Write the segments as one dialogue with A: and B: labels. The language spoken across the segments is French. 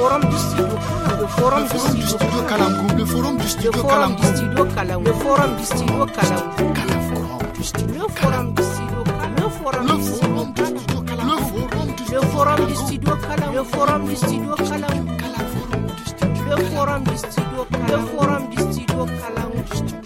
A: forum du studio le forum du studio le forum du studio le forum du studio le forum du studio le forum du studio le forum du studio forum du studio forum du studio forum du studio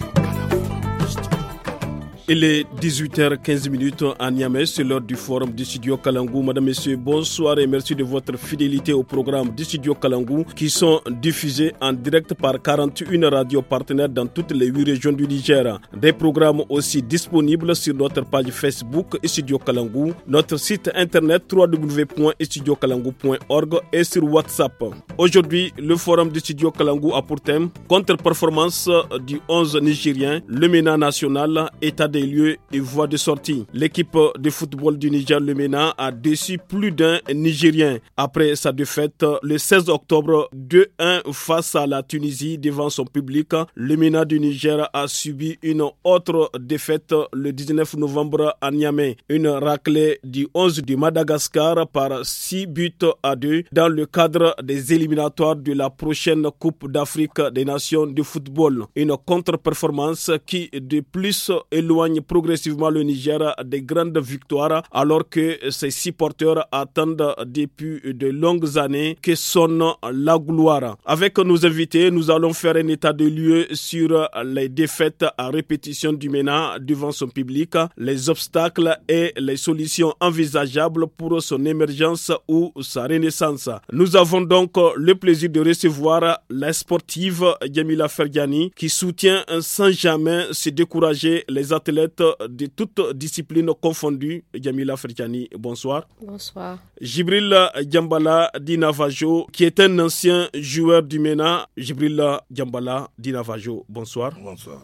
B: il est 18h15 à Niamey, c'est l'heure du forum du studio Kalangou. Madame, Messieurs, bonsoir et merci de votre fidélité au programme du studio Kalangou qui sont diffusés en direct par 41 radios partenaires dans toutes les 8 régions du Niger. Des programmes aussi disponibles sur notre page Facebook Studio Kalangu, notre site internet www.studiokalangou.org et sur WhatsApp. Aujourd'hui, le forum du studio Kalangou a pour thème Contre-performance du 11 Nigérien, le MENA national, État des lieux et voies de sortie. L'équipe de football du Niger le MENA a déçu plus d'un Nigérien après sa défaite le 16 octobre 2-1 face à la Tunisie devant son public. Le MENA du Niger a subi une autre défaite le 19 novembre à Niamey, une raclée du 11 du Madagascar par 6 buts à 2 dans le cadre des éliminatoires de la prochaine Coupe d'Afrique des Nations de football. Une contre-performance qui de plus éloigne progressivement le Niger des grandes victoires alors que ses supporters attendent depuis de longues années que sonne la gloire. Avec nos invités, nous allons faire un état de lieu sur les défaites à répétition du MENA devant son public, les obstacles et les solutions envisageables pour son émergence ou sa renaissance. Nous avons donc le plaisir de recevoir la sportive Yamila Fergani qui soutient sans jamais se décourager les athlètes de toutes disciplines confondues. Jamila Fritjani, bonsoir. Bonsoir. Jibril Djambala Dinavajo, qui est un ancien joueur du MENA. Jibril Djambala Dinavajo, bonsoir. Bonsoir.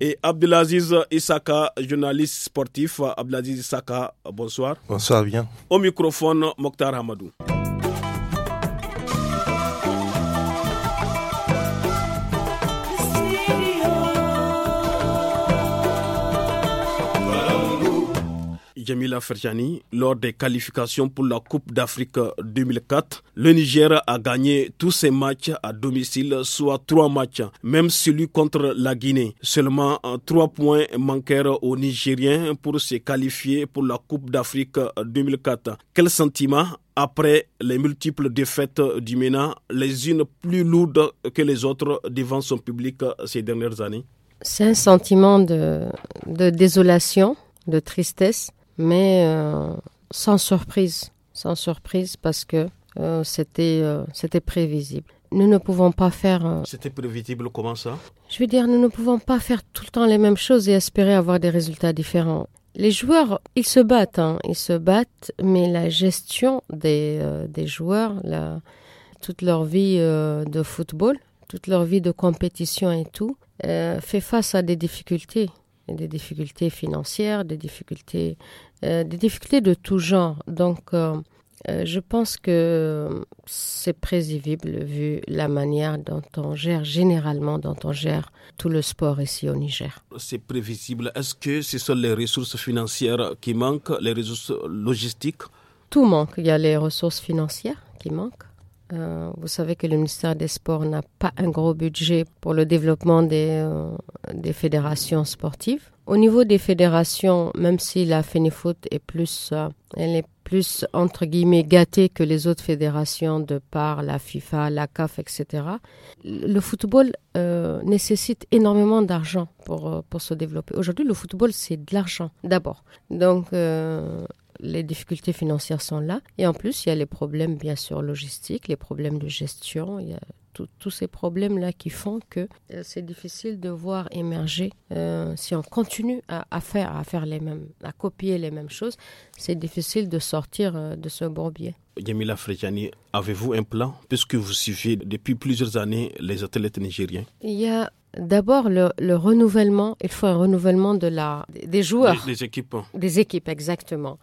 B: Et Abdelaziz Isaka, journaliste sportif. Abdelaziz Isaka, bonsoir. Bonsoir, bien. Au microphone, Mokhtar Hamadou. Jamila Ferjani, lors des qualifications pour la Coupe d'Afrique 2004, le Niger a gagné tous ses matchs à domicile, soit trois matchs, même celui contre la Guinée. Seulement euh, trois points manquèrent aux Nigériens pour se qualifier pour la Coupe d'Afrique 2004. Quel sentiment après les multiples défaites du MENA, les unes plus lourdes que les autres devant son public ces dernières années
A: C'est un sentiment de, désolation, de tristesse, mais euh, sans surprise, sans surprise parce que euh, euh, c'était prévisible. Nous ne pouvons pas faire.
B: C'était prévisible comment ça
A: Je veux dire, nous ne pouvons pas faire tout le temps les mêmes choses et espérer avoir des résultats différents. Les joueurs, ils se battent, hein. ils se battent, mais la gestion des, des joueurs, toute leur vie de football, toute leur vie de compétition et tout, fait face à des difficultés des difficultés financières, des difficultés, euh, des difficultés de tout genre. Donc, euh, euh, je pense que c'est prévisible vu la manière dont on gère, généralement, dont on gère tout le sport ici au Niger.
B: C'est prévisible. Est-ce que ce sont les ressources financières qui manquent, les ressources logistiques
A: Tout manque. Il y a les ressources financières qui manquent. Euh, vous savez que le ministère des Sports n'a pas un gros budget pour le développement des, euh, des fédérations sportives. Au niveau des fédérations, même si la Fénifoot est plus, euh, elle est plus entre guillemets gâtée que les autres fédérations de par la FIFA, la CAF, etc. Le football nécessite énormément d'argent pour, pour se développer. Aujourd'hui, le football c'est de l'argent d'abord. Donc les difficultés financières sont là. Et en plus, il y a les problèmes, bien sûr, logistiques, les problèmes de gestion, il y a tous ces problèmes-là qui font que euh, c'est difficile de voir émerger. Euh, si on continue à, faire, à faire les mêmes, à copier les mêmes choses, c'est difficile de sortir euh, de ce bourbier.
B: Yamila Frejani, avez-vous un plan puisque vous suivez depuis plusieurs années les athlètes nigériens
A: Il y a D'abord, le, renouvellement, il faut un renouvellement de la, des joueurs. Des, équipes. Hein. Des équipes, exactement.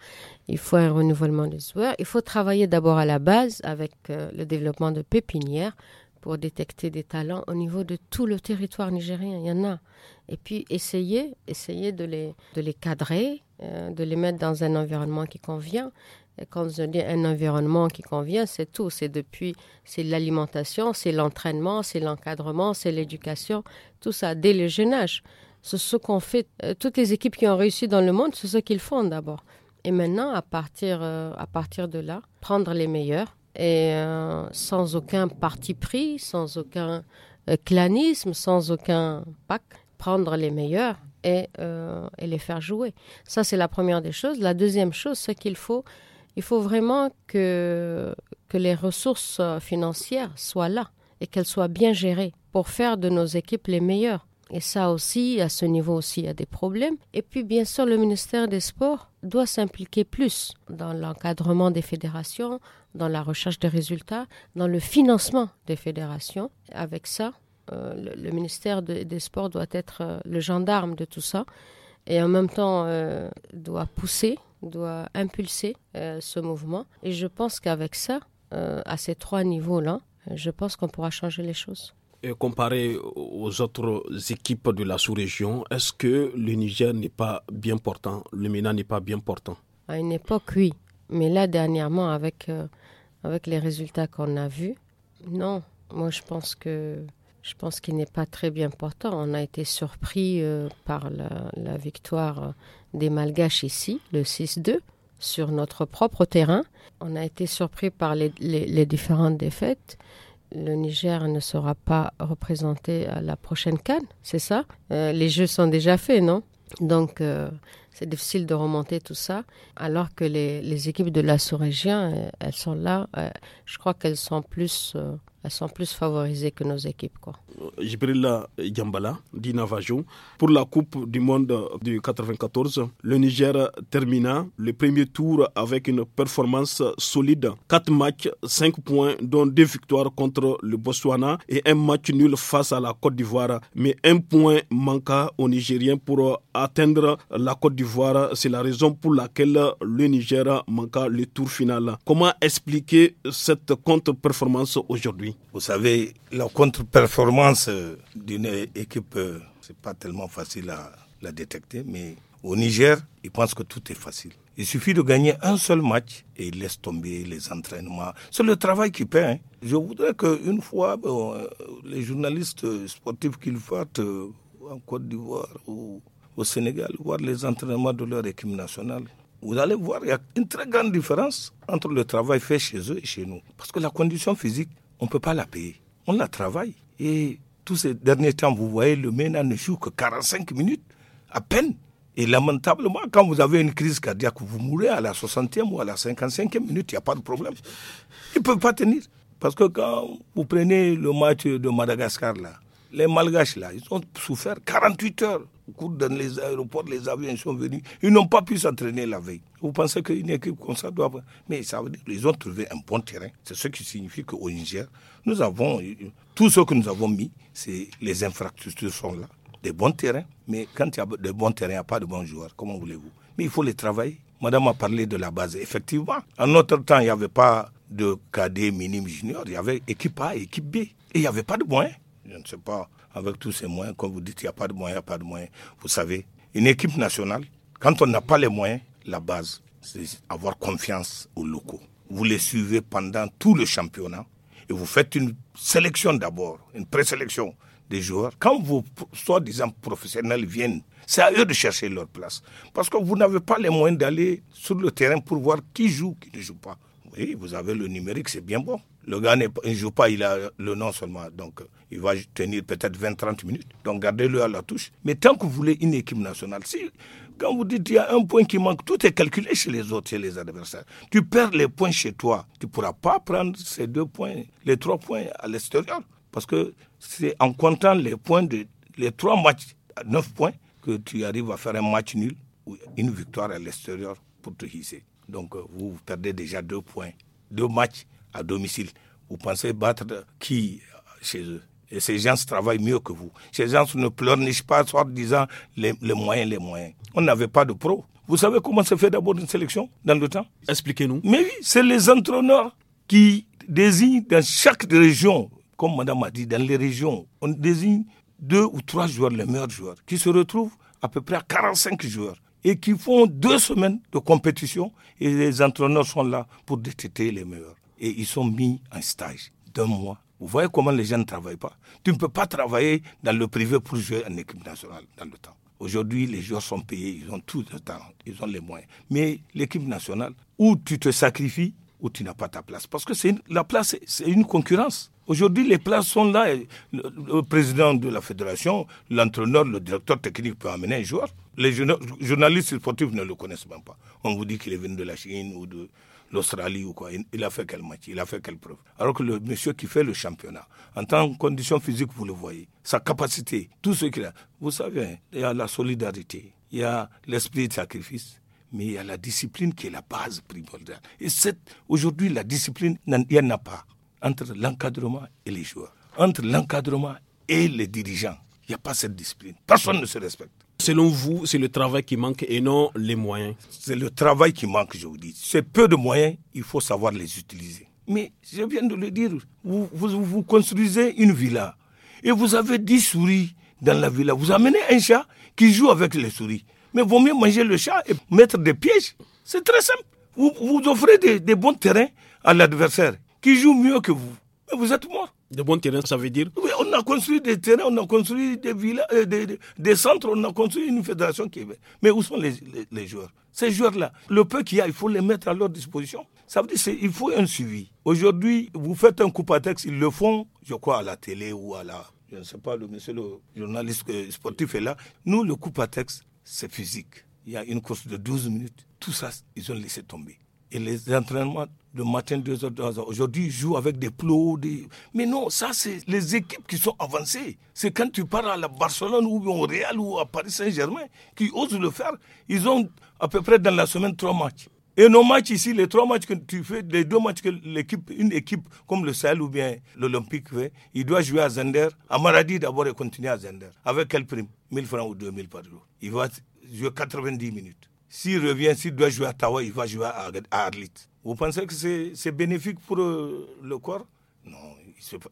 A: Il faut un renouvellement des joueurs. Il faut travailler d'abord à la base avec euh, le développement de pépinières pour détecter des talents au niveau de tout le territoire nigérien. Il y en a. Et puis essayer, essayer de les, de les cadrer, euh, de les mettre dans un environnement qui convient quand je dis un environnement qui convient, c'est tout. C'est depuis, c'est l'alimentation, c'est l'entraînement, c'est l'encadrement, c'est l'éducation, tout ça, dès le jeune âge. C'est ce qu'on fait. Euh, toutes les équipes qui ont réussi dans le monde, c'est ce qu'ils font d'abord. Et maintenant, à partir, euh, à partir de là, prendre les meilleurs et euh, sans aucun parti pris, sans aucun clanisme, sans aucun pack, prendre les meilleurs et, et les faire jouer. Ça, c'est la première des choses. La deuxième chose, c'est qu'il faut il faut vraiment que, que les ressources euh, financières soient là et qu'elles soient bien gérées pour faire de nos équipes les meilleures. Et ça aussi, à ce niveau aussi, il y a des problèmes. Et puis, bien sûr, le ministère des Sports doit s'impliquer plus dans l'encadrement des fédérations, dans la recherche des résultats, dans le financement des fédérations. Avec ça, euh, le, ministère des Sports doit être euh, le gendarme de tout ça et en même temps doit pousser doit impulser euh, ce mouvement. Et je pense qu'avec ça, euh, à ces trois niveaux-là, euh, je pense qu'on pourra changer les choses.
B: Et comparé aux autres équipes de la sous-région, est-ce que le Niger n'est pas bien portant, le MENA n'est pas bien portant
A: À une époque, oui. Mais là, dernièrement, avec, avec les résultats qu'on a vus, non. Moi, je pense que je pense qu'il n'est pas très bien portant. On a été surpris par la victoire des Malgaches ici, le 6-2, sur notre propre terrain. On a été surpris par les, différentes défaites le Niger ne sera pas représenté à la prochaine canne, c'est ça euh, Les jeux sont déjà faits, non Donc, euh, c'est difficile de remonter tout ça, alors que les, équipes de la sous-région, euh, elles sont là. je crois qu'elles sont plus elles sont plus favorisées que nos équipes. Quoi.
B: Jibrilla Gambala, Navajo Pour la Coupe du Monde de 94, le Niger termina le premier tour avec une performance solide. Quatre matchs, 5 points, dont deux victoires contre le Botswana et un match nul face à la Côte d'Ivoire. Mais un point manqua au Nigériens pour atteindre la Côte d'Ivoire. C'est la raison pour laquelle le Niger manqua le tour final. Comment expliquer cette
C: contre-performance aujourd'hui vous savez, la contre-performance euh, d'une équipe, euh, c'est pas tellement facile à la détecter, mais au Niger, ils pensent que tout est facile. Il suffit de gagner un seul match et ils laissent tomber les entraînements. C'est le travail qui paie. Hein. Je voudrais qu'une fois, euh, les journalistes sportifs qu'ils fassent en Côte d'Ivoire ou au Sénégal, voir les entraînements de leur équipe nationale, vous allez voir, il y a une très grande différence entre le travail fait chez eux et chez nous. Parce que la condition physique, on ne peut pas la payer. On la travaille. Et tous ces derniers temps, vous voyez, le MENA ne joue que 45 minutes, à peine. Et lamentablement, quand vous avez une crise cardiaque, vous mourrez à la 60e ou à la 55e minute, il n'y a pas de problème. Ils ne peuvent pas tenir. Parce que quand vous prenez le match de Madagascar, là, les Malgaches, là, ils ont souffert 48 heures cours dans les aéroports, les avions sont venus. Ils n'ont pas pu s'entraîner la veille. Vous pensez qu'une équipe comme ça doit. Mais ça veut dire qu'ils ont trouvé un bon terrain. C'est ce qui signifie qu'au Niger, nous avons. Euh, tout ce que nous avons mis, c'est les infrastructures sont là. Des bons terrains. Mais quand il y a des bons terrains, il n'y a pas de bons joueurs. Comment voulez-vous Mais il faut les travailler. Madame a parlé de la base. Effectivement, en notre temps, il n'y avait pas de cadet minime junior. Il y avait équipe A équipe B. Et il n'y avait pas de moyens. Je ne sais pas avec tous ces moyens. Comme vous dites, il n'y a pas de moyens, il n'y a pas de moyens. Vous savez, une équipe nationale, quand on n'a pas les moyens, la base, c'est avoir confiance aux locaux. Vous les suivez pendant tout le championnat et vous faites une sélection d'abord, une présélection des joueurs. Quand vos soi-disant professionnels viennent, c'est à eux de chercher leur place. Parce que vous n'avez pas les moyens d'aller sur le terrain pour voir qui joue, qui ne joue pas. Oui, vous avez le numérique, c'est bien bon. Le gars ne joue pas, il a le nom seulement. Donc, il va tenir peut-être 20-30 minutes. Donc, gardez-le à la touche. Mais tant que vous voulez une équipe nationale, si, quand vous dites qu'il y a un point qui manque, tout est calculé chez les autres, chez les adversaires. Tu perds les points chez toi. Tu ne pourras pas prendre ces deux points, les trois points à l'extérieur. Parce que c'est en comptant les points de les trois matchs à points que tu arrives à faire un match nul ou une victoire à l'extérieur pour te hisser. Donc, euh, vous perdez déjà deux points, deux matchs à domicile. Vous pensez battre qui chez eux Et ces gens travaillent mieux que vous. Ces gens ne pleurnichent pas, soit disant les, moyens, les moyens. On n'avait pas de pro. Vous savez comment se fait d'abord une sélection dans le temps Expliquez-nous. Mais oui, c'est les entraîneurs qui désignent dans chaque région, comme madame a dit, dans les régions, on désigne deux ou trois joueurs, les meilleurs joueurs, qui se retrouvent à peu près à 45 joueurs et qui font deux semaines de compétition et les entraîneurs sont là pour détecter les meilleurs et ils sont mis en stage d'un mois. Vous voyez comment les gens ne travaillent pas. Tu ne peux pas travailler dans le privé pour jouer en équipe nationale dans le temps. Aujourd'hui, les joueurs sont payés, ils ont tout le talent, ils ont les moyens. Mais l'équipe nationale, où tu te sacrifies, où tu n'as pas ta place. Parce que c'est la place, c'est une concurrence. Aujourd'hui, les places sont là. Le, le président de la fédération, l'entraîneur, le directeur technique peut amener un joueur. Les journalistes sportifs ne le connaissent même pas. On vous dit qu'il est venu de la Chine ou de, l'Australie ou quoi. Il a fait quel match Il a fait quelle preuve Alors que le monsieur qui fait le championnat, en tant que condition physique, vous le voyez, sa capacité, tout ce qu'il a. Vous savez, hein, il y a la solidarité, il y a l'esprit de sacrifice, mais il y a la discipline qui est la base primordiale. Et aujourd'hui, la discipline, il n'y en a pas entre l'encadrement et les joueurs, entre l'encadrement et les dirigeants. Il n'y a pas cette discipline. Personne ne se respecte selon vous, c'est le travail qui manque et non les moyens C'est le travail qui manque, je vous dis. C'est peu de moyens, il faut savoir les utiliser. Mais je viens de le dire, vous, vous, construisez une villa et vous avez 10 souris dans la villa. Vous amenez un chat qui joue avec les souris. Mais vaut mieux manger le chat et mettre des pièges. C'est très simple. Vous, vous offrez des, bons terrains à l'adversaire qui joue mieux que vous. Mais vous êtes mort de bons terrains, ça veut dire oui, on a construit des terrains, on a construit des villas, euh, des, centres, on a construit une fédération qui Mais où sont les, les, joueurs Ces joueurs-là, le peu qu'il y a, il faut les mettre à leur disposition. Ça veut dire qu'il faut un suivi. Aujourd'hui, vous faites un coup à texte, ils le font, je crois, à la télé ou à la. Je ne sais pas, le monsieur le journaliste euh, sportif est là. Nous, le coup à texte, c'est physique. Il y a une course de 12 minutes. Tout ça, ils ont laissé tomber. Et les entraînements le matin, 2h, Aujourd'hui, ils jouent avec des plots. Mais non, ça, c'est les équipes qui sont avancées. C'est quand tu pars à la Barcelone ou au Real ou à Paris Saint-Germain qui osent le faire. Ils ont à peu près dans la semaine trois matchs. Et nos matchs ici, les trois matchs que tu fais, les deux matchs que l'équipe, une équipe comme le Sahel ou bien l'Olympique fait, il doit jouer à Zender, à Maradi d'abord et continuer à Zender. Avec quelle prime 1000 francs ou 2000 par jour. Il va jouer 90 minutes. S'il revient, s'il doit jouer à Tawa, il va jouer à, Arlit. Vous pensez que c'est bénéfique pour euh, le corps Non,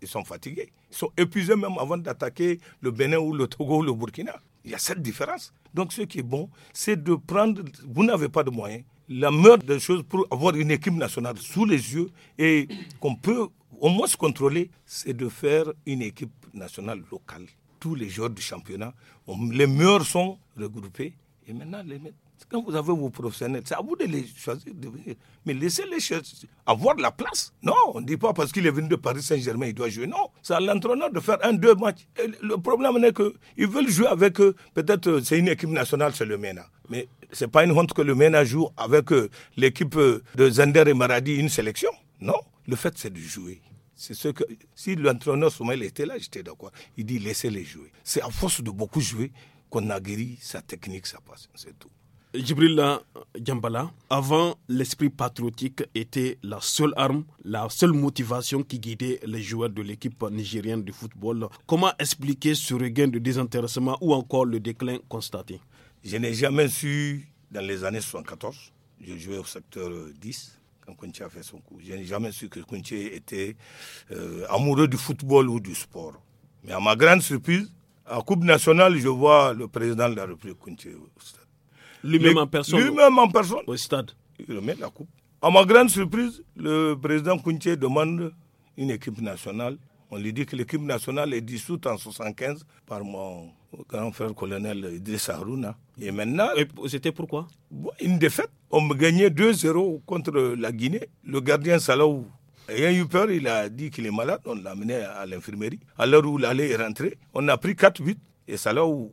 C: ils, sont fatigués. Ils sont épuisés même avant d'attaquer le Bénin ou le Togo ou le Burkina. Il y a cette différence. Donc ce qui est bon, c'est de prendre, vous n'avez pas de moyens, la meilleure des choses pour avoir une équipe nationale sous les yeux et qu'on peut au moins se contrôler, c'est de faire une équipe nationale locale. Tous les joueurs du championnat, les meilleurs sont regroupés et maintenant les mettre quand vous avez vos professionnels, c'est à vous de les choisir Mais laissez-les avoir de la place. Non, on ne dit pas parce qu'il est venu de Paris Saint-Germain, il doit jouer. Non, c'est à l'entraîneur de faire un, deux matchs. le problème n'est qu'ils veulent jouer avec eux. Peut-être euh, c'est une équipe nationale, c'est le MENA. Mais ce n'est pas une honte que le MENA joue avec euh, l'équipe euh, de Zender et Maradi, une sélection. Non, le fait c'est de jouer. C'est ce que si l'entraîneur il était là, j'étais d'accord. Il dit laissez-les jouer. C'est à force de
B: beaucoup jouer qu'on a guéri sa technique, sa passion, c'est tout. Djibril Djambala, avant, l'esprit patriotique était la seule arme, la seule motivation qui guidait les joueurs de l'équipe nigérienne de football. Comment expliquer ce regain de désintéressement ou encore le déclin constaté Je n'ai jamais su, dans les années 74,
C: je jouais au secteur 10, quand Kountché a fait son coup. Je n'ai jamais su que Kunche était euh, amoureux du football ou du sport. Mais à ma grande surprise, en Coupe nationale, je vois le président de la République stade.
B: Lui-même en personne. Lui-même
C: en personne. Au stade. Il remet la coupe. À ma grande surprise, le président Kounché demande une équipe nationale. On lui dit que l'équipe nationale est dissoute en 75 par mon grand frère colonel Idriss Harouna. Et maintenant. C'était pourquoi Une défaite. On gagnait 2-0 contre la Guinée. Le gardien Salaou, ayant eu peur, il a dit qu'il est malade. On l'a amené à l'infirmerie. À l'heure où l'allée est rentrée, on a pris 4 buts. Et Salahou,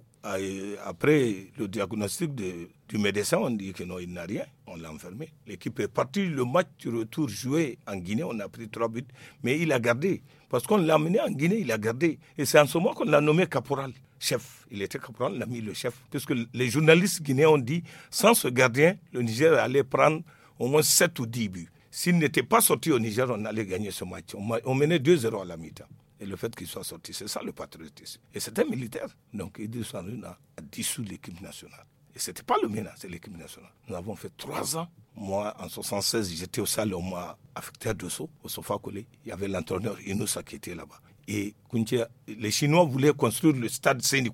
C: après le diagnostic de du médecin, on dit que non, il n'a rien. On l'a enfermé. L'équipe est partie. Le match retour joué en Guinée, on a pris trois buts. Mais il a gardé. Parce qu'on l'a amené en Guinée, il a gardé. Et c'est en ce moment qu'on l'a nommé caporal, chef. Il était caporal, on a mis le chef. Parce que les journalistes guinéens ont dit, sans ce gardien, le Niger allait prendre au moins 7 ou 10 buts. S'il n'était pas sorti au Niger, on allait gagner ce match. On menait 2-0 à la mi-temps. Et le fait qu'il soit sorti, c'est ça le patriotisme. Et c'était militaire. Donc Idriss a dissous l'équipe nationale. Et ce n'était pas le ménage hein, c'est l'équipe nationale. Nous avons fait trois ans. Moi, en 76, j'étais au salon, on m'a affecté à au sofa collé. Il y avait l'entraîneur Inoussa qui était là-bas. Et les Chinois voulaient construire le stade Séni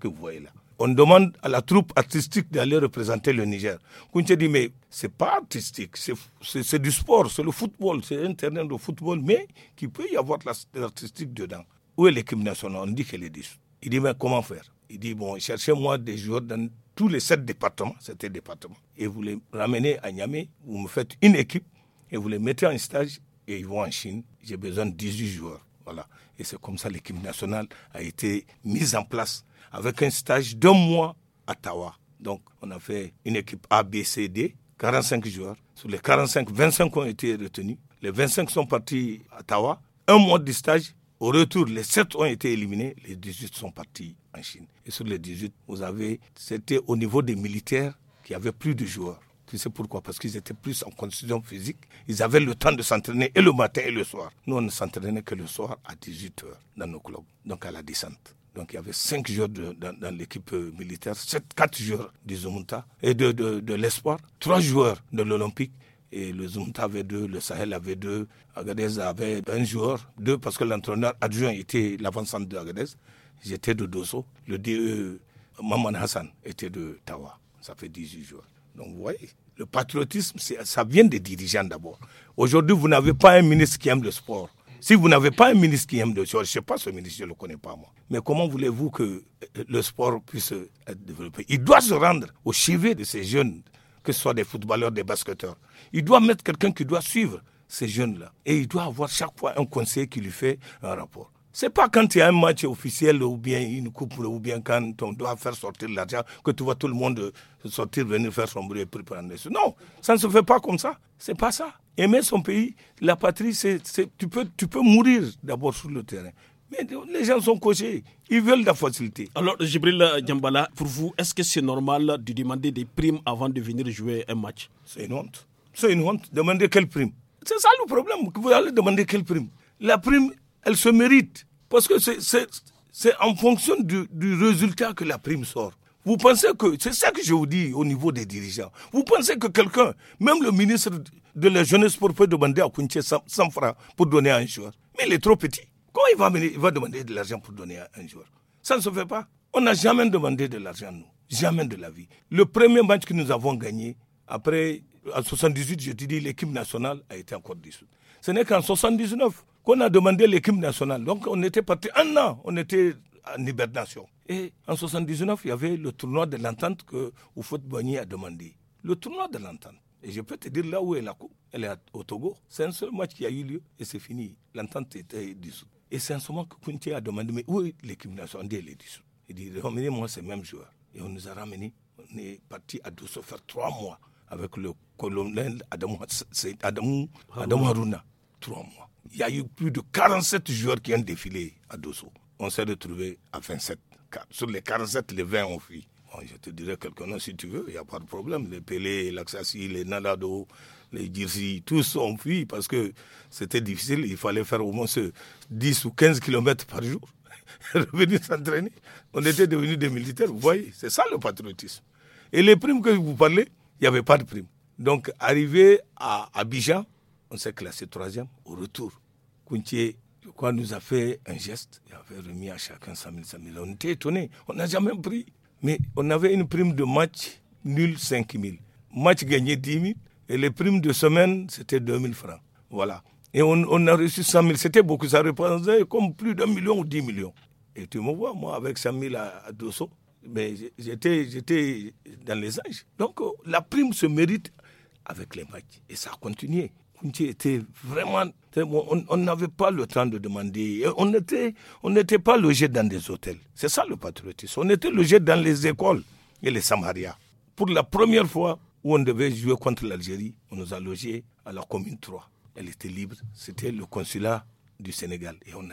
C: que vous voyez là. On demande à la troupe artistique d'aller représenter le Niger. Kuntié dit, mais c'est pas artistique, c'est du sport, c'est le football, c'est un terrain de football, mais qui peut y avoir de l'artistique dedans. Où est l'équipe nationale On dit qu'elle est dissoute. Il dit, mais comment faire Il dit, bon, cherchez-moi des joueurs dans tous les sept départements, c'était départements, et vous les ramenez à Niamey, vous me faites une équipe et vous les mettez en stage et ils vont en Chine. J'ai besoin de 18 joueurs. Voilà. Et c'est comme ça l'équipe nationale a été mise en place avec un stage d'un mois à Tawa. Donc, on a fait une équipe A, B, C, D, 45 joueurs. Sur les 45, 25 ont été retenus. Les 25 sont partis à Tawa. Un mois de stage, au retour, les 7 ont été éliminés, les 18 sont partis en Chine. Et sur les 18, vous avez, c'était au niveau des militaires qui avait plus de joueurs. Tu sais pourquoi Parce qu'ils étaient plus en condition physique. Ils avaient le temps de s'entraîner et le matin et le soir. Nous, on ne s'entraînait que le soir à 18h dans nos clubs, donc à la descente. Donc il y avait 5 joueurs dans, l'équipe euh, militaire, 7, 4 joueurs du Zumunta et de, de, de l'Espoir, 3 joueurs de l'Olympique et le Zunta avait deux, le Sahel avait deux, Agadez avait un joueur, deux parce que l'entraîneur adjoint était l'avant-centre d'Agadez. J'étais de Dosso. Le DE Maman Hassan était de Tawa. Ça fait 18 jours. Donc vous voyez, le patriotisme, ça vient des dirigeants d'abord. Aujourd'hui, vous n'avez pas un ministre qui aime le sport. Si vous n'avez pas un ministre qui aime le sport, je ne sais pas ce ministre, je ne le connais pas moi. Mais comment voulez-vous que le sport puisse être développé Il doit se rendre au chevet de ces jeunes que ce soit des footballeurs, des basketteurs. Il doit mettre quelqu'un qui doit suivre ces jeunes-là. Et il doit avoir chaque fois un conseil qui lui fait un rapport. C'est pas quand il y a un match officiel ou bien une coupe ou bien quand on doit faire sortir l'argent que tu vois tout le monde sortir, venir faire son bruit et préparer. Non, ça ne se fait pas comme ça. C'est pas ça. Aimer son pays, la patrie, c'est, tu, peux,
B: tu peux mourir d'abord sur le terrain. Mais les gens sont cochés, ils veulent la facilité. Alors, Gibril Djambala, pour vous, est-ce que c'est normal de demander des primes avant de venir jouer un match C'est une honte. C'est une honte. Demander quelle prime C'est ça le problème, vous allez demander quelle prime.
C: La prime, elle se mérite. Parce que c'est en fonction du, résultat que la prime sort. Vous pensez que, c'est ça que je vous dis au niveau des dirigeants, vous pensez que quelqu'un, même le ministre de la jeunesse, pour demander à Kunche 100 francs pour donner à un joueur. Mais il est trop petit. Comment il va, demander de l'argent pour donner à un joueur Ça ne se fait pas. On n'a jamais demandé de l'argent, nous. Jamais de la vie. Le premier match que nous avons gagné, après, en 78, je te dis, l'équipe nationale a été encore dissoute. Ce n'est qu'en 79 qu'on a demandé l'équipe nationale. Donc, on était parti un an, on était en hibernation. Et en 79, il y avait le tournoi de l'entente que Oufot Boigny a demandé. Le tournoi de l'entente. Et je peux te dire là où est la coupe. Elle est au Togo. C'est un seul match qui a eu lieu et c'est fini. L'entente était dissoute. Et c'est en ce moment que Kunti a demandé, mais où est l'équipement des dit, Il dit, ramenez-moi ces mêmes joueurs. Et on nous a ramenés. On est parti à Dosso faire trois mois avec le colonel Adam, Adam, Haruna. Trois mois. Il y a eu plus de 47 joueurs qui ont défilé à Dosso. On s'est retrouvés à 27. Sur les 47, les 20 ont fui. Ah, je te dirais quelques noms si tu veux, il n'y a pas de problème. Les Pelé, l'Axassi, les Nadado, les Girsi, tous ont fui parce que c'était difficile. Il fallait faire au moins 10 ou 15 kilomètres par jour, revenir s'entraîner. On était devenus des militaires, vous voyez, c'est ça le patriotisme. Et les primes que vous parlez, il n'y avait pas de primes. Donc, arrivé à Abidjan, on s'est classé troisième au retour. Kountier, je nous a fait un geste. Il avait remis à chacun 100 000, 100 000. On était étonnés. On n'a jamais pris. Mais on avait une prime de match nul 5 000. Match gagné 10 000. Et les primes de semaine, c'était 2 000 francs. Voilà. Et on, on a reçu 100 000. C'était beaucoup. Ça représentait comme plus d'un million ou 10 millions. Et tu me vois, moi, avec 100 000 à, à mais j'étais, j'étais dans les anges. Donc, euh, la prime se mérite avec les matchs. Et ça a continué était vraiment. On n'avait pas le temps de demander. on n'était on n'était pas logé dans des hôtels. C'est ça le patriotisme. On était logé dans les écoles et les samarias. Pour la première fois où on devait jouer contre l'Algérie, on nous a logés à la commune 3. Elle était libre. C'était le consulat du Sénégal. Et on,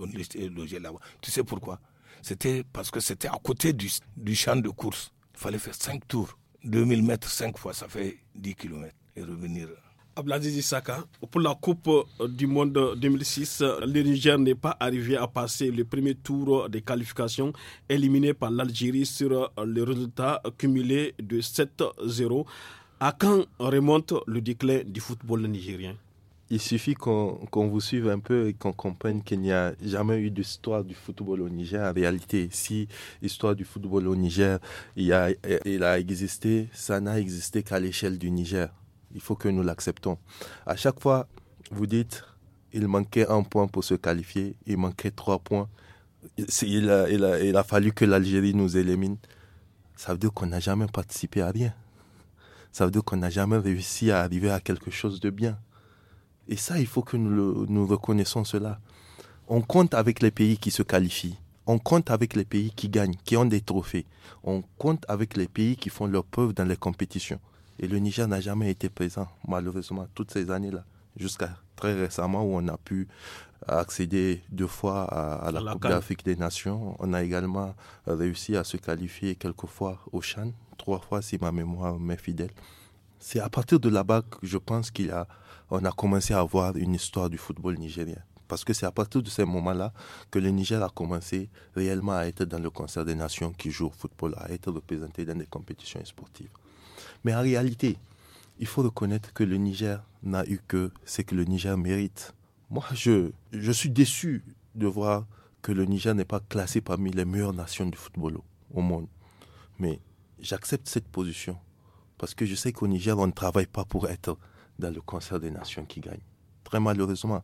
C: on était logé là-bas. Tu sais pourquoi C'était parce que c'était à côté du, champ de course. Il fallait faire 5 tours. 2000 mètres, 5 fois, ça fait 10 km. Et revenir
B: Abdelaziz Issaka, pour la Coupe euh, du Monde 2006, le Niger n'est pas arrivé à passer le premier tour des qualifications, éliminé par l'Algérie sur euh, le résultat cumulé de 7-0. À quand
D: remonte le déclin du football nigérien il suffit qu'on vous suive un peu et qu'on comprenne qu'il n'y a jamais eu d'histoire du football au Niger. En réalité, si l'histoire du football au Niger il a existé, ça n'a existé qu'à l'échelle du Niger. Il faut que nous l'acceptons. À chaque fois, vous dites, il manquait un point pour se qualifier, il manquait trois points. Il a, fallu que l'Algérie nous élimine. Ça veut dire qu'on n'a jamais participé à rien. Ça veut dire qu'on n'a jamais réussi à arriver à quelque chose de bien. Et ça, il faut que nous, nous reconnaissons cela. On compte avec les pays qui se qualifient. On compte avec les pays qui gagnent, qui ont des trophées. On compte avec les pays qui font leur preuve dans les compétitions. Et le Niger n'a jamais été présent, malheureusement, toutes ces années-là, jusqu'à très récemment où on a pu accéder deux fois à, la, Coupe d'Afrique des Nations. On a également réussi à se qualifier quelques fois au Chan, trois fois si ma mémoire m'est fidèle. C'est à partir de là-bas que je pense qu'on a, on a commencé à avoir une histoire du football nigérien. Parce que c'est à partir de ces moments-là que le Niger a commencé réellement à être dans le concert des nations qui jouent au football, à être représenté dans des compétitions sportives. Mais en réalité, il faut reconnaître que le Niger n'a eu que ce que le Niger mérite. Moi, je, je suis déçu de voir que le Niger n'est pas classé parmi les meilleures nations du football au monde. Mais j'accepte cette position parce que je sais qu'au Niger, on ne travaille pas pour être dans le concert des nations qui gagnent. Très malheureusement,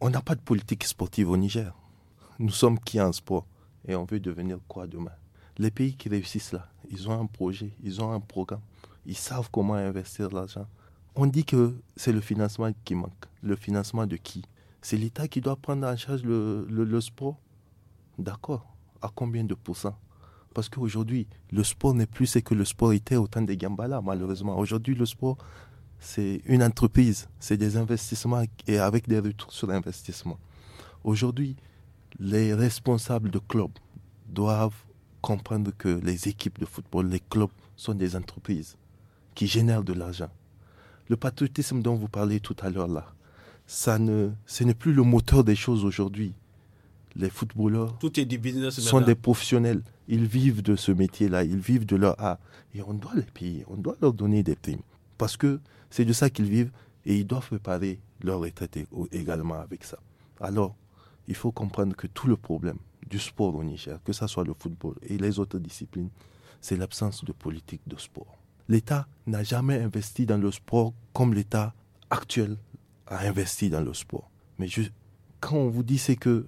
D: on n'a pas de politique sportive au Niger. Nous sommes qui en sport et on veut devenir quoi demain Les pays qui réussissent là, ils ont un projet, ils ont un programme. Ils savent comment investir l'argent. On dit que c'est le financement qui manque. Le financement de qui C'est l'État qui doit prendre en charge le, le, sport D'accord. À combien de pourcents Parce qu'aujourd'hui, le sport n'est plus ce que le sport était au temps des Gambala, malheureusement. Aujourd'hui, le sport, c'est une entreprise, c'est des investissements et avec des retours sur investissement. Aujourd'hui, les responsables de clubs doivent comprendre que les équipes de football, les clubs sont des entreprises qui génère de l'argent. Le patriotisme dont vous parlez tout à l'heure là, ça ne, ce n'est plus le moteur des choses aujourd'hui. Les footballeurs sont des professionnels. Ils vivent de ce métier-là, ils vivent de leur art. Et on doit les payer, on doit leur donner des primes. Parce que c'est de ça qu'ils vivent et ils doivent préparer leur retraite également avec ça. Alors, il faut comprendre que tout le problème du sport au Niger, que ce soit le football et les autres disciplines, c'est l'absence de politique de sport l'État n'a jamais investi dans le sport comme l'État actuel a investi dans le sport. Mais quand on vous dit c'est que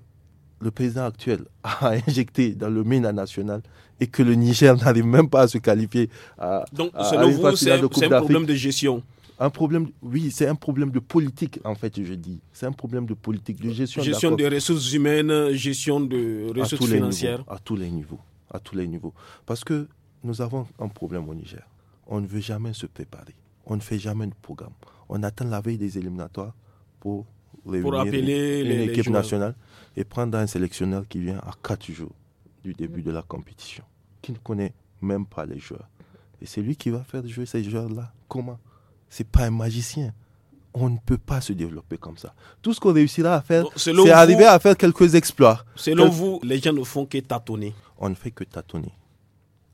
D: le président actuel a injecté dans le MENA national et que le Niger n'arrive même pas à se qualifier à, Donc, selon vous, c'est un, problème de gestion un problème, oui, c'est un problème de politique, en fait, je dis. C'est un problème de politique, de gestion. Gestion des
B: ressources humaines, gestion de ressources à financières.
D: à tous les niveaux, à tous les niveaux. Parce que nous avons un problème au Niger on ne veut jamais se préparer. On ne fait jamais de programme. On attend la veille des éliminatoires pour, pour une, équipe nationale et prendre un sélectionneur qui vient à quatre jours du début de la compétition, qui ne connaît même pas les joueurs. Et c'est lui qui va faire jouer ces joueurs-là. Comment C'est pas un magicien. On ne peut pas se développer comme ça. Tout ce qu'on réussira à faire, c'est arriver à faire quelques exploits. Selon vous, les gens ne font que tâtonner. On ne fait que tâtonner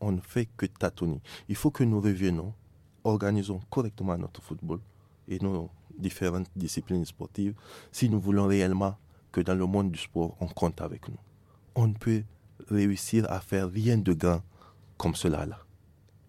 D: on ne fait que tâtonner. Il faut que nous revenions, organisons correctement notre football et nos différentes disciplines sportives si nous voulons réellement que dans le monde du sport, on compte avec nous. On ne peut réussir à faire rien de grand comme cela là.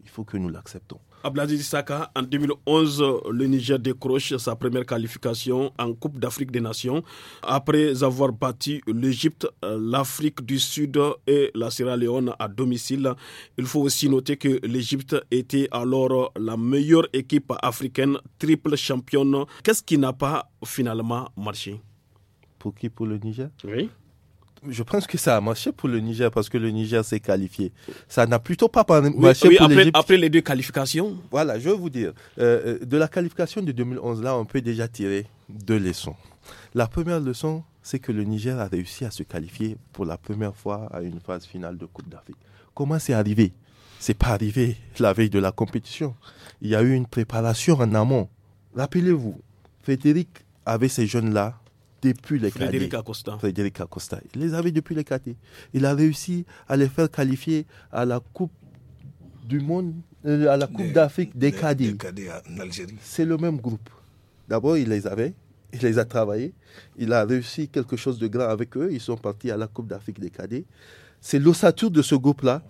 D: Il faut que nous l'acceptons.
B: Abdelaziz Saka, en 2011, le Niger décroche sa première qualification en Coupe d'Afrique des Nations après avoir battu l'Égypte, euh, l'Afrique du Sud et la Sierra Leone à domicile. Il faut aussi noter que l'Égypte était alors la meilleure équipe africaine, triple championne. Qu'est-ce qui n'a pas finalement marché
D: Pour qui Pour le Niger Oui je pense que ça a marché pour le Niger parce que le Niger s'est qualifié. Ça n'a plutôt pas marché oui, après, les deux qualifications. Voilà, je vais vous dire, euh, euh, de la qualification de 2011 là, on peut déjà tirer deux leçons. La première leçon, c'est que le Niger a réussi à se qualifier pour la première fois à une phase finale de Coupe d'Afrique. Comment c'est arrivé C'est pas arrivé la veille de la compétition. Il y a eu une préparation en amont. Rappelez-vous, Frédéric avait ces jeunes là depuis les Frédéric Acosta. Acosta. Il les avait depuis les Cadets. Il a réussi à les faire qualifier à la Coupe du Monde, euh, à la Coupe d'Afrique des Cadets. C'est le même groupe. D'abord, il les avait, il les a travaillés, il a réussi quelque chose de grand avec eux. Ils sont partis à la Coupe d'Afrique des Cadets. C'est l'ossature de ce groupe-là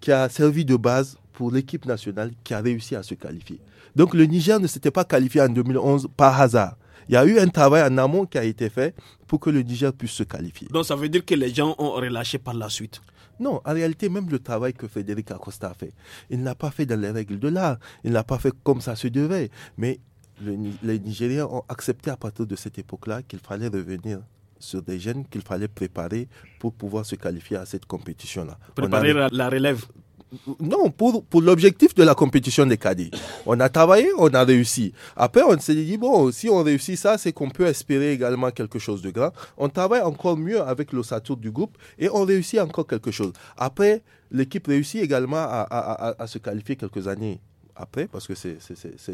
D: qui a servi de base pour l'équipe nationale qui a réussi à se qualifier. Donc le Niger ne s'était pas qualifié en 2011 par hasard il y a eu un travail en amont qui a été fait pour que le Niger puisse se qualifier.
B: Donc ça veut dire que les gens ont relâché par la suite
D: non, en réalité, même le travail que Frédéric Acosta a fait, il n'a pas fait dans les règles de l'art, il n'a pas fait comme ça se devait. Mais les Nigériens ont accepté à partir de cette époque-là qu'il fallait revenir sur des jeunes qu'il fallait préparer pour pouvoir se qualifier à cette compétition-là. Préparer la relève non, pour, pour l'objectif de la compétition des cadets. On a travaillé, on a réussi. Après, on s'est dit, bon, si on réussit ça, c'est qu'on peut espérer également quelque chose de grand. On travaille encore mieux avec l'ossature du groupe et on réussit encore quelque chose. Après, l'équipe réussit également à, à, à se qualifier quelques années après, parce que c'est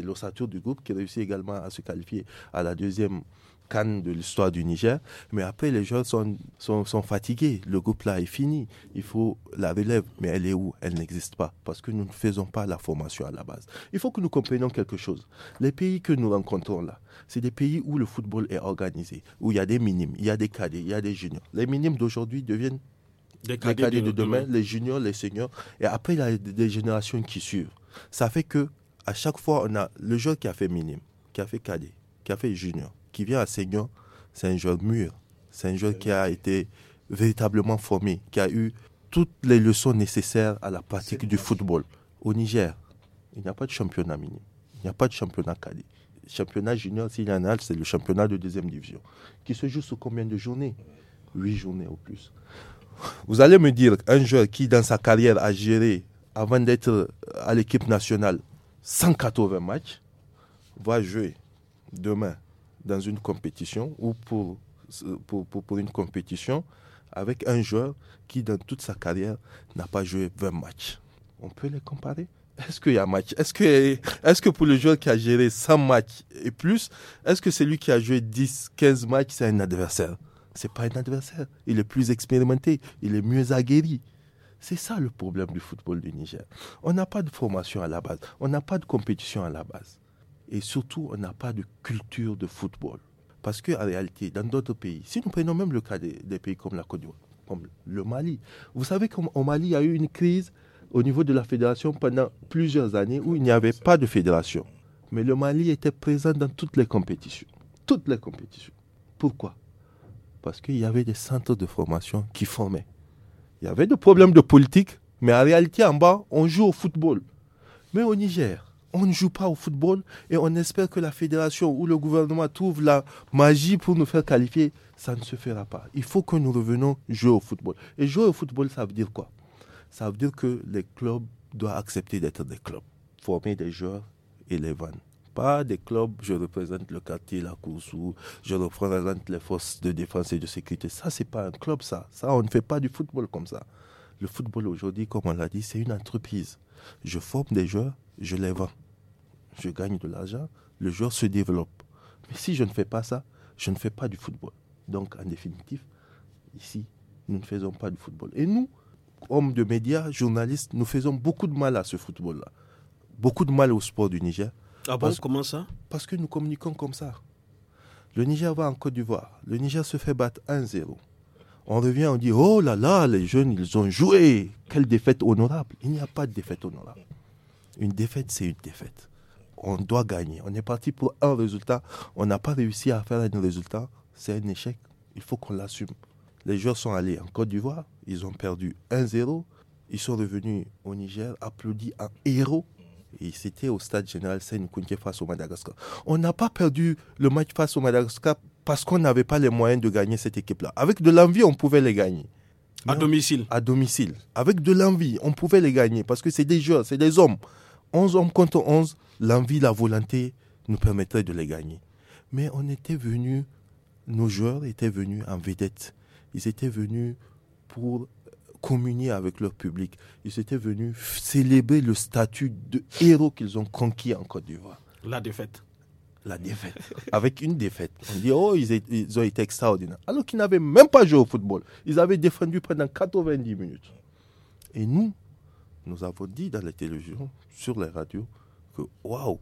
D: l'ossature du groupe qui réussit également à se qualifier à la deuxième canne de l'histoire du Niger. Mais après, les gens sont, sont, fatigués. Le groupe-là est fini. Il faut la relève. Mais elle est où Elle n'existe pas. Parce que nous ne faisons pas la formation à la base. Il faut que nous comprenions quelque chose. Les pays que nous rencontrons là, c'est des pays où le football est organisé, où il y a des minimes, il y a des cadets, il y a des juniors. Les minimes d'aujourd'hui deviennent des cadets, de, demain, demain, les juniors, les seniors. Et après, il y a des générations qui suivent. Ça fait que à chaque fois, on a le joueur qui a fait minime, qui a fait cadet, qui a fait junior, qui vient à Seignan, c'est un joueur mûr. C'est un joueur qui a été véritablement formé, qui a eu toutes les leçons nécessaires à la pratique du football. Au Niger, il n'y a pas de championnat mini. Il n'y a pas de championnat Le Championnat junior, s'il y en a, c'est le championnat de deuxième division, qui se joue sur combien de journées Huit journées au plus. Vous allez me dire, un joueur qui, dans sa carrière, a géré, avant d'être euh, à l'équipe nationale, 180 matchs, va jouer demain dans une compétition ou pour, pour, pour, une compétition avec un joueur qui, dans toute sa carrière, n'a pas joué 20 matchs. On peut les comparer est-ce qu'il y a match Est-ce que, est que pour le joueur qui a géré 100 matchs et plus, est-ce que celui qui a joué 10, 15 matchs, c'est un adversaire C'est pas un adversaire. Il est plus expérimenté, il est mieux aguerri. C'est ça le problème du football du Niger. On n'a pas de formation à la base, on n'a pas de compétition à la base. Et surtout, on n'a pas de culture de football. Parce qu'en réalité, dans d'autres pays, si nous prenons même le cas des, pays comme la Côte d'Ivoire, comme le Mali, vous savez qu'au Mali, il y a eu une crise au niveau de la fédération pendant plusieurs années où il n'y avait pas de fédération. Mais le Mali était présent dans toutes les compétitions. Toutes les compétitions. Pourquoi Parce qu'il y avait des centres de formation qui formaient. Il y avait des problèmes de politique, mais en réalité, en bas, on joue au football. Mais au Niger, on ne joue pas au football et on espère que la fédération ou le gouvernement trouve la magie pour nous faire qualifier. Ça ne se fera pas. Il faut que nous revenions jouer au football. Et jouer au football, ça veut dire quoi Ça veut dire que les clubs doivent accepter d'être des clubs, former des joueurs et les vendre. Pas des clubs, je représente le quartier, la course, ou je représente les forces de défense et de sécurité. Ça, n'est pas un club, ça. Ça, on ne fait pas du football comme ça. Le football aujourd'hui, comme on l'a dit, c'est une entreprise. Je forme des joueurs, je les vends je gagne de l'argent, le joueur se développe. Mais si je ne fais pas ça, je ne fais pas du football. Donc, en définitive, ici, nous ne faisons pas du football. Et nous, hommes de médias, journalistes, nous faisons beaucoup de mal à ce football-là. Beaucoup de mal au sport du Niger. Ah comment ça Parce que nous communiquons comme ça. Le Niger va en Côte d'Ivoire. Le Niger se fait battre 1-0. On revient, on dit Oh là là, les jeunes, ils ont joué. Quelle défaite honorable. Il n'y a pas de défaite honorable. Une défaite, c'est une défaite on doit gagner. On est parti pour un résultat. On n'a pas réussi à faire un résultat. C'est un échec. Il faut qu'on l'assume. Les joueurs sont allés en Côte d'Ivoire. Ils ont perdu 1-0. Ils sont revenus au Niger, applaudis en héros. Et c'était au stade général seine face au Madagascar. On n'a pas perdu le match face au Madagascar parce qu'on n'avait pas les moyens de gagner cette équipe-là. Avec de l'envie, on pouvait les gagner. à domicile À domicile. Avec de l'envie, on pouvait les gagner parce que c'est des joueurs, c'est des hommes. 11 hommes contre 11, l'envie, la volonté nous permettrait de les gagner. Mais on était venus, nos joueurs étaient venus en vedette. Ils étaient venus pour communier avec leur public. Ils étaient venus célébrer le statut de héros qu'ils ont conquis en Côte d'Ivoire. La défaite. La défaite. Avec une défaite. On dit, oh, ils, ils ont été extraordinaires. Alors qu'ils n'avaient même pas joué au football. Ils avaient défendu pendant 90 minutes. Et nous, nous avons dit dans la télévision, sur les radios, waouh,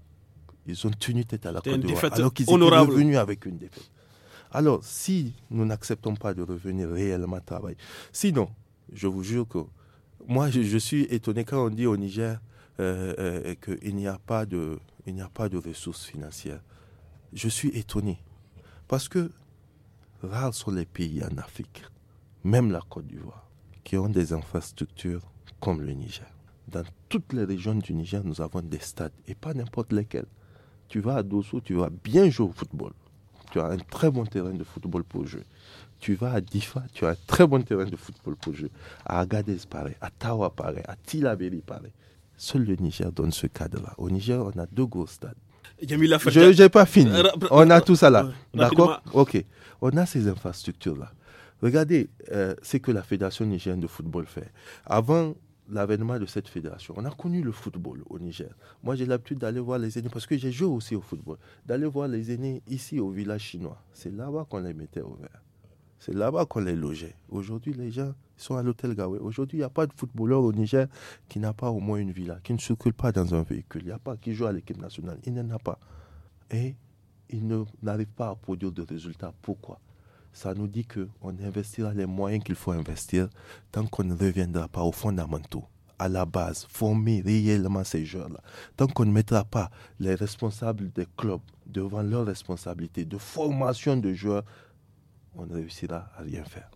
D: ils ont tenu tête à la Côte d'Ivoire alors qu'ils étaient revenus avec une défaite. Alors, si nous n'acceptons pas de revenir réellement travailler, sinon, je vous jure que moi, je, suis étonné quand on dit au Niger euh, euh, qu'il n'y a pas de, il n'y a pas de ressources financières. Je suis étonné parce que rares sont les pays en Afrique, même la Côte d'Ivoire, qui ont des infrastructures comme le Niger. Dans toutes les régions du Niger, nous avons des stades, et pas n'importe lesquels. Tu vas à Dosso, tu vas bien jouer au football. Tu as un très bon terrain de football pour jouer. Tu vas à Difa, tu as un très bon terrain de football pour jouer. À Agadez, pareil. À Tawa, pareil. À Tilaberi, pareil. Seul le Niger donne ce cadre-là. Au Niger, on a deux gros stades. Je n'ai pas fini. On a tout ça là. D'accord Ok. On a ces infrastructures-là. Regardez euh, ce que la Fédération nigérienne de football fait. Avant, l'avènement de cette fédération. On a connu le football au Niger. Moi, j'ai l'habitude d'aller voir les aînés, parce que j'ai joué aussi au football, d'aller voir les aînés ici au village chinois. C'est là-bas qu'on les mettait au vert. C'est là-bas qu'on les logeait. Aujourd'hui, les gens sont à l'hôtel Gawé. Aujourd'hui, il n'y a pas de footballeur au Niger qui n'a pas au moins une villa, qui ne circule pas dans un véhicule. Il n'y a pas qui joue à l'équipe nationale. Il n'en a pas. Et il n'arrive pas à produire de résultats. Pourquoi ça nous dit qu'on investira les moyens qu'il faut investir tant qu'on ne reviendra pas aux fondamentaux, à la base, former réellement ces joueurs là Tant qu'on ne mettra pas les responsables des clubs devant leurs responsabilités de formation de joueurs, on ne réussira à rien faire.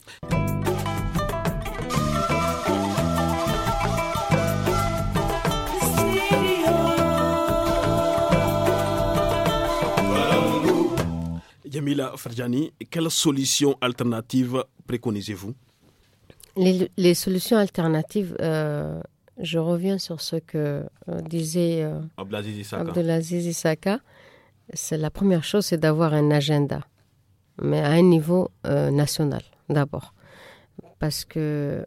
B: Yamila Farjani, quelles solutions alternatives préconisez-vous
A: les, solutions alternatives, euh, je reviens sur ce que euh, disait euh,
B: Abdelaziz
A: Issaka. C'est la première chose, c'est d'avoir un agenda, mais à un niveau national d'abord, parce que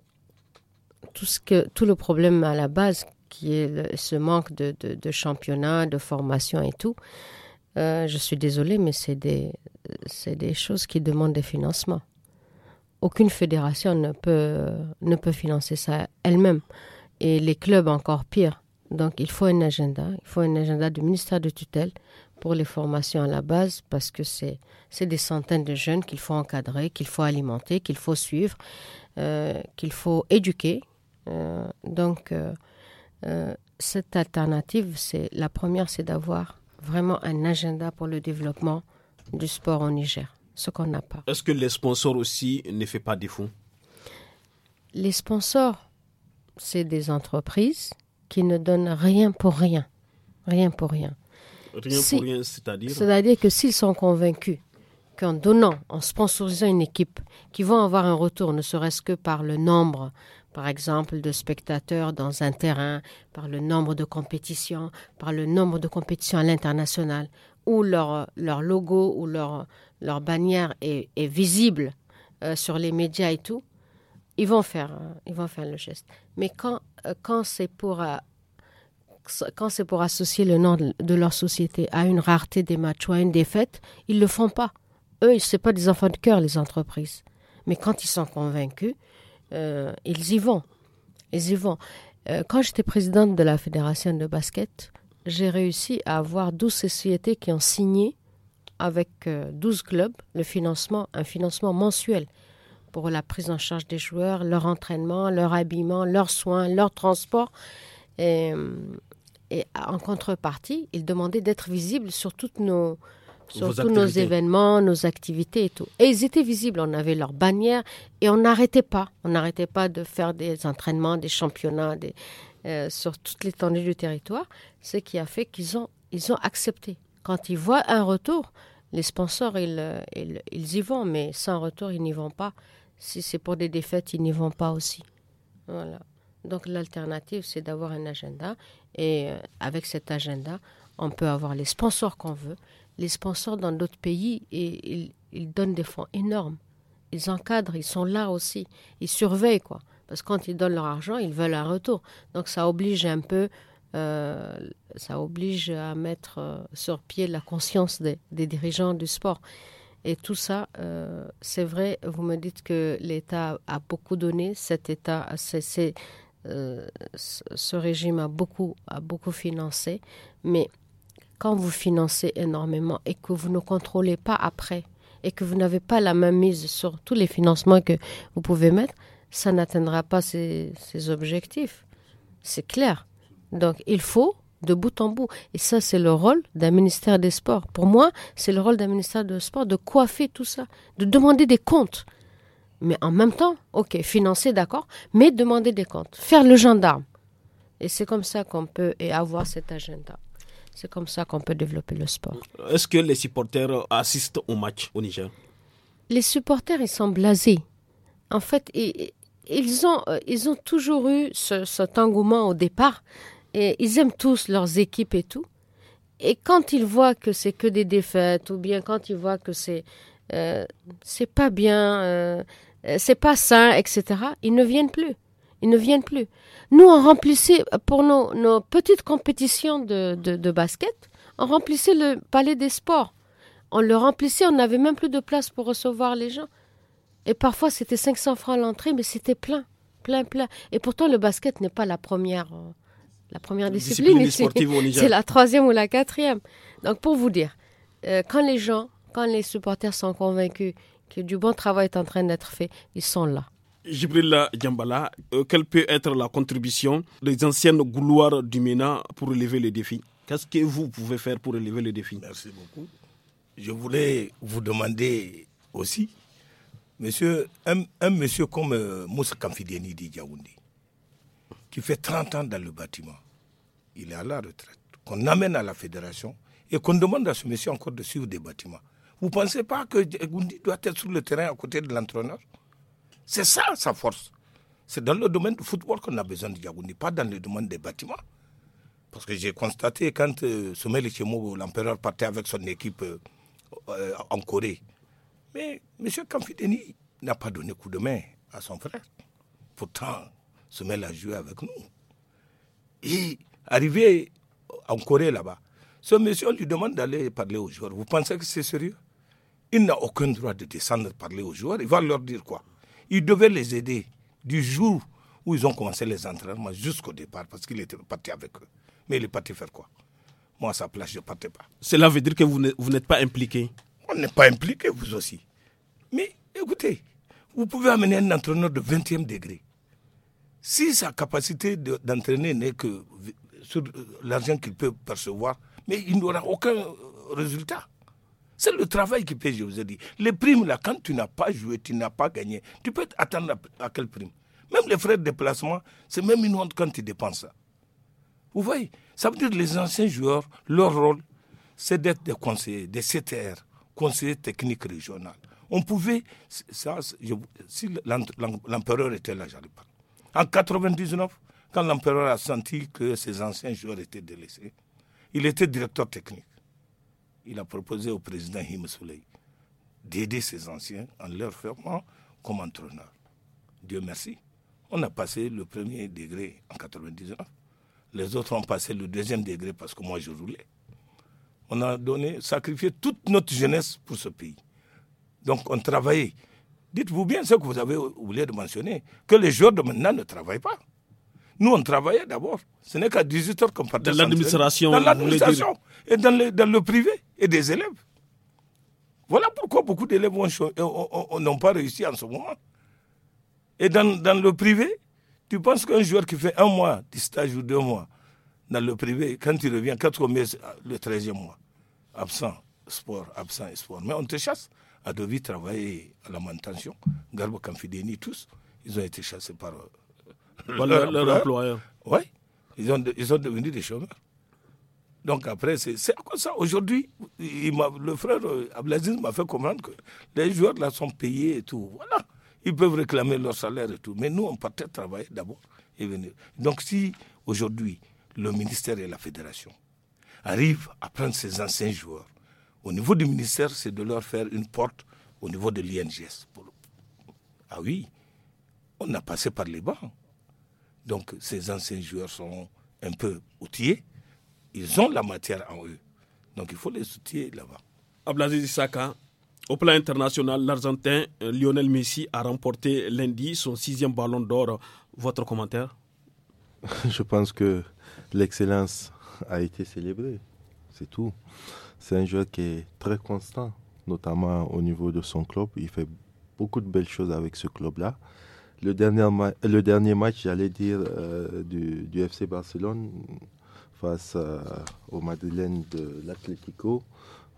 A: tout le problème à la base qui est ce manque de, de championnat, de formation et tout, euh, je suis désolée, mais c'est des, des, choses qui demandent des financements. Aucune fédération ne peut, ne peut financer ça elle-même. Et les clubs encore pire. Donc il faut un agenda. Il faut un agenda du ministère de tutelle pour les formations à la base parce que c'est des centaines de jeunes qu'il faut encadrer, qu'il faut alimenter, qu'il faut suivre, euh, qu'il faut éduquer. Euh, donc cette alternative, c'est la première, c'est d'avoir vraiment un agenda pour le développement du sport au Niger, ce qu'on n'a pas.
B: Est-ce que les sponsors aussi ne font pas défaut
A: Les sponsors, c'est des entreprises qui ne donnent rien pour rien. Rien pour rien. Rien pour rien, c'est-à-dire C'est-à-dire que s'ils sont convaincus qu'en donnant, en sponsorisant une équipe, qui vont avoir un retour, ne serait-ce que par le nombre, par exemple, de spectateurs dans un terrain, par le nombre de compétitions, par le nombre de compétitions à l'international, où leur, leur logo ou leur, leur bannière est, visible euh, sur les médias et tout, ils vont faire, euh, ils vont faire le geste. Mais quand, euh, quand c'est pour... pour associer le nom de leur société à une rareté des matchs ou à une défaite, ils ne le font pas. Eux, ce pas des enfants de cœur, les entreprises. Mais quand ils sont convaincus, euh, ils y vont. Ils y vont. Euh, quand j'étais présidente de la fédération de basket, j'ai réussi à avoir 12 sociétés qui ont signé avec 12 euh, clubs le financement, un financement mensuel pour la prise en charge des joueurs, leur entraînement, leur habillement, leurs soins, leur transport. et en contrepartie, ils demandaient d'être visibles sur toutes nos, tous nos événements, nos activités et tout. Et ils étaient visibles, on avait leur bannière et on n'arrêtait pas. On n'arrêtait pas de faire des entraînements, des championnats des, euh, sur toute l'étendue du territoire, ce qui a fait qu'ils ont, ils ont accepté. Quand ils voient un retour, les sponsors, ils, euh, ils, ils y vont, mais sans retour, ils n'y vont pas. Si c'est pour des défaites, ils n'y vont pas aussi. Voilà. Donc l'alternative, c'est d'avoir un agenda. Et euh, avec cet agenda, on peut avoir les sponsors qu'on veut les sponsors dans d'autres pays, et, ils, donnent des fonds énormes. Ils encadrent, ils sont là aussi. Ils surveillent, quoi. Parce que quand ils donnent leur argent, ils veulent un retour. Donc ça oblige un peu, euh, ça oblige à mettre euh, sur pied la conscience des, dirigeants du sport. Et tout ça, euh, c'est vrai, vous me dites que l'État a beaucoup donné, cet État, ce régime a beaucoup, a beaucoup financé, mais quand vous financez énormément et que vous ne contrôlez pas après et que vous n'avez pas la main mise sur tous les financements que vous pouvez mettre, ça n'atteindra pas ses, objectifs. C'est clair. Donc il faut de bout en bout. Et ça, c'est le rôle d'un ministère des Sports. Pour moi, c'est le rôle d'un ministère des Sports de coiffer tout ça, de demander des comptes. Mais en même temps, ok, financer, d'accord, mais demander des comptes, faire le gendarme. Et c'est comme ça qu'on peut avoir cet agenda. C'est comme ça qu'on peut développer le sport.
B: Est-ce que les supporters assistent au match au Niger
A: Les supporters, ils sont blasés. En fait, ils, ont, euh, ils ont toujours eu cet engouement au départ. Et ils aiment tous leurs équipes et tout. Et quand ils voient que c'est que des défaites, ou bien quand ils voient que c'est euh, c'est pas bien, euh, c'est pas sain, etc., ils ne viennent plus ils ne viennent plus. Nous, on remplissait, pour nos, petites compétitions de, basket, on remplissait le palais des sports. On le remplissait, on n'avait même plus de place pour recevoir les gens. Et parfois, c'était 500 francs l'entrée, mais c'était plein, plein, plein. Et pourtant, le basket n'est pas la première, euh, la première discipline, C'est la troisième ou la quatrième. Donc, pour vous dire, euh, quand les gens, quand les supporters sont convaincus que du bon travail est en train d'être fait, ils sont là.
B: Jibril Djambala, euh, quelle peut être la contribution des anciennes gouloirs du MENA pour relever les défis Qu'est-ce que vous pouvez faire pour relever les défis Merci beaucoup. Je voulais vous demander aussi, monsieur,
C: un, monsieur comme euh, Moussa Kamfideni dit qui fait 30 ans dans le bâtiment, il est à la retraite, qu'on amène à la fédération et qu'on demande à ce monsieur encore de suivre des bâtiments. Vous ne pensez pas que Yaoundé doit être sur le terrain à côté de l'entraîneur c'est ça sa force. C'est dans le domaine du football qu'on a besoin de n'est pas dans le domaine des bâtiments. Parce que j'ai constaté quand euh, Chemo, l'empereur partait avec son équipe euh, euh, en Corée. Mais M. Kamfideni n'a pas donné coup de main à son frère. Pourtant, Sommel a joué avec nous. Et arrivé en Corée là-bas, ce monsieur lui demande d'aller parler aux joueurs. Vous pensez que c'est sérieux Il n'a aucun droit de descendre parler aux joueurs. Il va leur dire quoi il devait les aider du jour où ils ont commencé les entraînements jusqu'au départ parce qu'il était parti avec eux. Mais il est parti faire quoi Moi, à sa place, je ne partais pas.
B: Cela veut dire que vous n'êtes pas impliqué On n'est pas impliqué, vous aussi.
C: Mais écoutez, vous pouvez amener un entraîneur de 20e degré. Si sa capacité d'entraîner n'est que sur l'argent qu'il peut percevoir, mais il n'aura aucun euh, résultat. C'est le travail qui paye, je vous ai dit. Les primes, là, quand tu n'as pas joué, tu n'as pas gagné, tu peux attendre à, quelle prime Même les frais de déplacement, c'est même une honte quand tu dépenses ça. Vous voyez Ça veut dire que les anciens joueurs, leur rôle, c'est d'être des conseillers, des CTR, conseillers techniques régionales. On pouvait, si l'empereur était là, j'allais pas. En 99, quand l'empereur a senti que ses anciens joueurs étaient délaissés, il était directeur technique il a proposé au président Him d'aider ses anciens en leur fermant comme entraîneur. Dieu merci. On a passé le premier degré en 1999. Les autres ont passé le deuxième degré parce que moi je roulais. On a donné, sacrifié toute notre jeunesse pour ce pays. Donc on travaillait. Dites-vous bien ce que vous avez oublié de mentionner, que les joueurs de maintenant ne travaillent pas. Nous, on travaillait d'abord. Ce n'est qu'à 18 heures qu'on partait. Dans l'administration. Dans l'administration. Et dans le, privé. Et des élèves. Voilà pourquoi beaucoup d'élèves n'ont pas réussi en ce moment. Et dans, le privé, tu penses qu'un joueur qui fait un mois de stage ou deux mois dans le privé, quand il revient, quatre mois, le 13e mois, absent, sport, absent, sport. Mais on te chasse. Adovi travailler à la mantention. Garbo Campidini, tous, ils ont été chassés par euh,
B: leurs leur, employeur. Oui.
C: Ils, ont, sont devenus des chômeurs. Donc après, c'est comme ça. Aujourd'hui, le frère euh, Ablaziz m'a fait comprendre que les joueurs là sont payés et tout. Voilà. Ils peuvent réclamer leur salaire et tout. Mais nous, on partait travailler d'abord et venir. Donc si aujourd'hui, le ministère et la fédération arrivent à prendre ces anciens joueurs, au niveau du ministère, c'est de leur faire une porte au niveau de l'INGS. Ah oui, on a passé par les bancs. Donc ces anciens joueurs
B: sont un peu outillés. Ils ont la matière en eux. Donc il faut les outiller là-bas. Ablaziz Saka, au plan international, l'Argentin euh, Lionel Messi a remporté lundi son sixième ballon d'or. Votre commentaire
D: Je pense que l'excellence a été célébrée. C'est tout. C'est un joueur qui est très constant, notamment au niveau de son club. Il fait beaucoup de belles choses avec ce club-là le dernier, le dernier match, j'allais dire, euh, du, FC Barcelone face euh, au madrilène de l'Atlético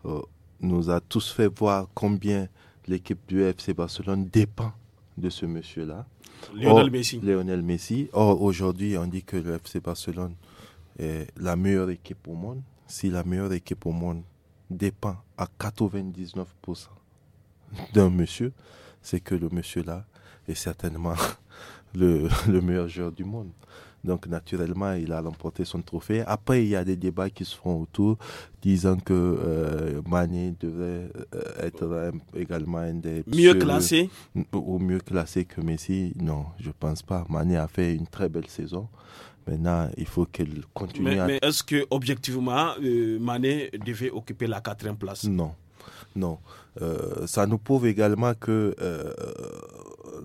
D: euh, nous a tous fait voir combien l'équipe du FC Barcelone dépend de ce monsieur-là. Lionel Messi. Lionel Messi. Or, aujourd'hui, on dit que le FC Barcelone est la meilleure équipe au monde. Si la meilleure équipe au monde dépend à 99% d'un monsieur, c'est que le monsieur-là et certainement le, meilleur joueur du monde. Donc naturellement, il a remporté son trophée. Après, il y a des débats qui se font autour, disant que euh, Mané devrait euh, être également un des... Mieux classé Ou mieux classé que Messi. Non, je ne pense pas. Mané a fait une très belle saison. Maintenant, il faut qu'elle continue. Mais, mais
B: est-ce que objectivement, euh, Mané devait occuper la quatrième
D: place Non, non. Euh, ça nous prouve également que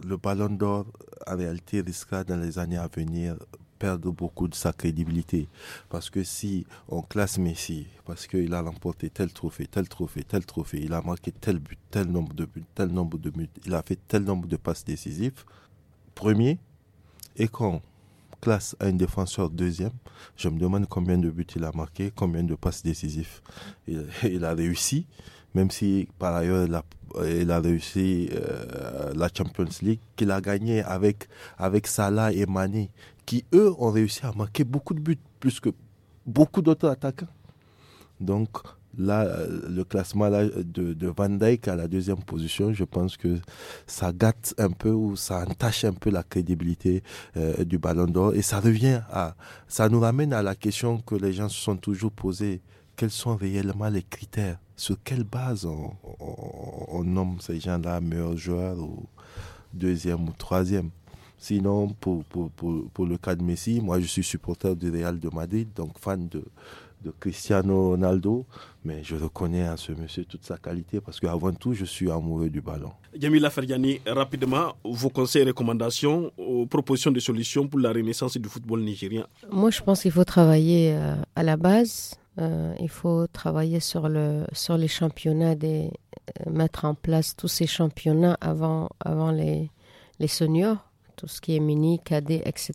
D: le Ballon d'Or, en réalité, risquera dans les années à venir perdre beaucoup de sa crédibilité. Parce que si on classe Messi, parce qu'il a remporté tel trophée, tel trophée, tel trophée, il a marqué tel but, tel nombre de buts, tel nombre de buts, il a fait tel nombre de passes décisives, premier, et quand classe un défenseur deuxième, je me demande combien de buts il a marqué, combien de passes décisives il a réussi même si par ailleurs il a, réussi euh, la Champions League qu'il a gagné avec, avec Salah et Mani, qui eux ont réussi à marquer beaucoup de buts, plus que beaucoup d'autres attaquants. Donc là, euh, le classement de, Van Dijk à la deuxième position, je pense que ça gâte un peu ou ça entache un peu la crédibilité euh, du Ballon d'Or. Et ça revient à, ça nous ramène à la question que les gens se sont toujours posés Quels sont réellement les critères sur quelle base on, nomme ces gens-là meilleurs joueurs ou deuxième ou troisième. Sinon, pour, le cas de Messi, moi je suis supporter du Real de Madrid, donc fan de, Cristiano Ronaldo, mais je reconnais à ce monsieur toute sa qualité parce qu'avant tout, je suis amoureux du ballon.
B: Yamila Fergani, rapidement, vos conseils, recommandations, propositions de solutions pour la renaissance du football nigérien
A: Moi, je pense qu'il faut travailler euh, à la base, euh, il faut travailler sur, les championnats, euh, mettre en place tous ces championnats avant, les, seniors, tout ce qui est mini, cadet, etc.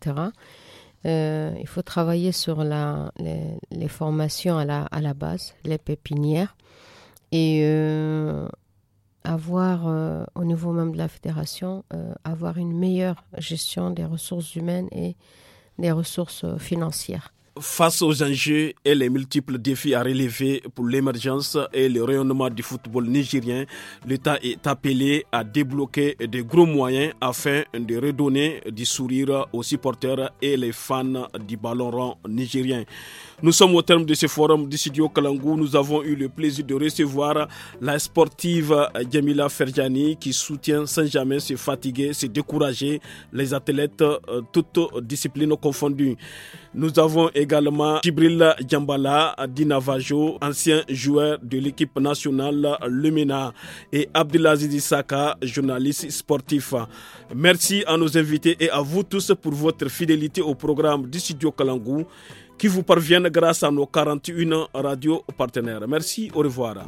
A: Euh, il faut travailler sur les, formations à la, base, les pépinières, et avoir, au niveau même de la fédération, avoir une meilleure gestion des ressources humaines et des ressources financières.
B: Face aux enjeux et les multiples défis à relever pour l'émergence et le rayonnement du football nigérien, l'État est appelé à débloquer de gros moyens afin de redonner du sourire aux supporters et les fans du ballon rond nigérien. Nous sommes au terme de ce forum du studio Kalangou. Nous avons eu le plaisir de recevoir la sportive Jamila Ferjani qui soutient sans jamais se fatiguer, se décourager les athlètes euh, toutes disciplines confondues. Nous avons également Kibril Djambala Dinavajo, ancien joueur de l'équipe nationale Lumina et Abdelaziz Saka, journaliste sportif. Merci à nos invités et à vous tous pour votre fidélité au programme du studio Kalangou qui vous parviennent grâce à nos 41 radio partenaires. Merci, au revoir.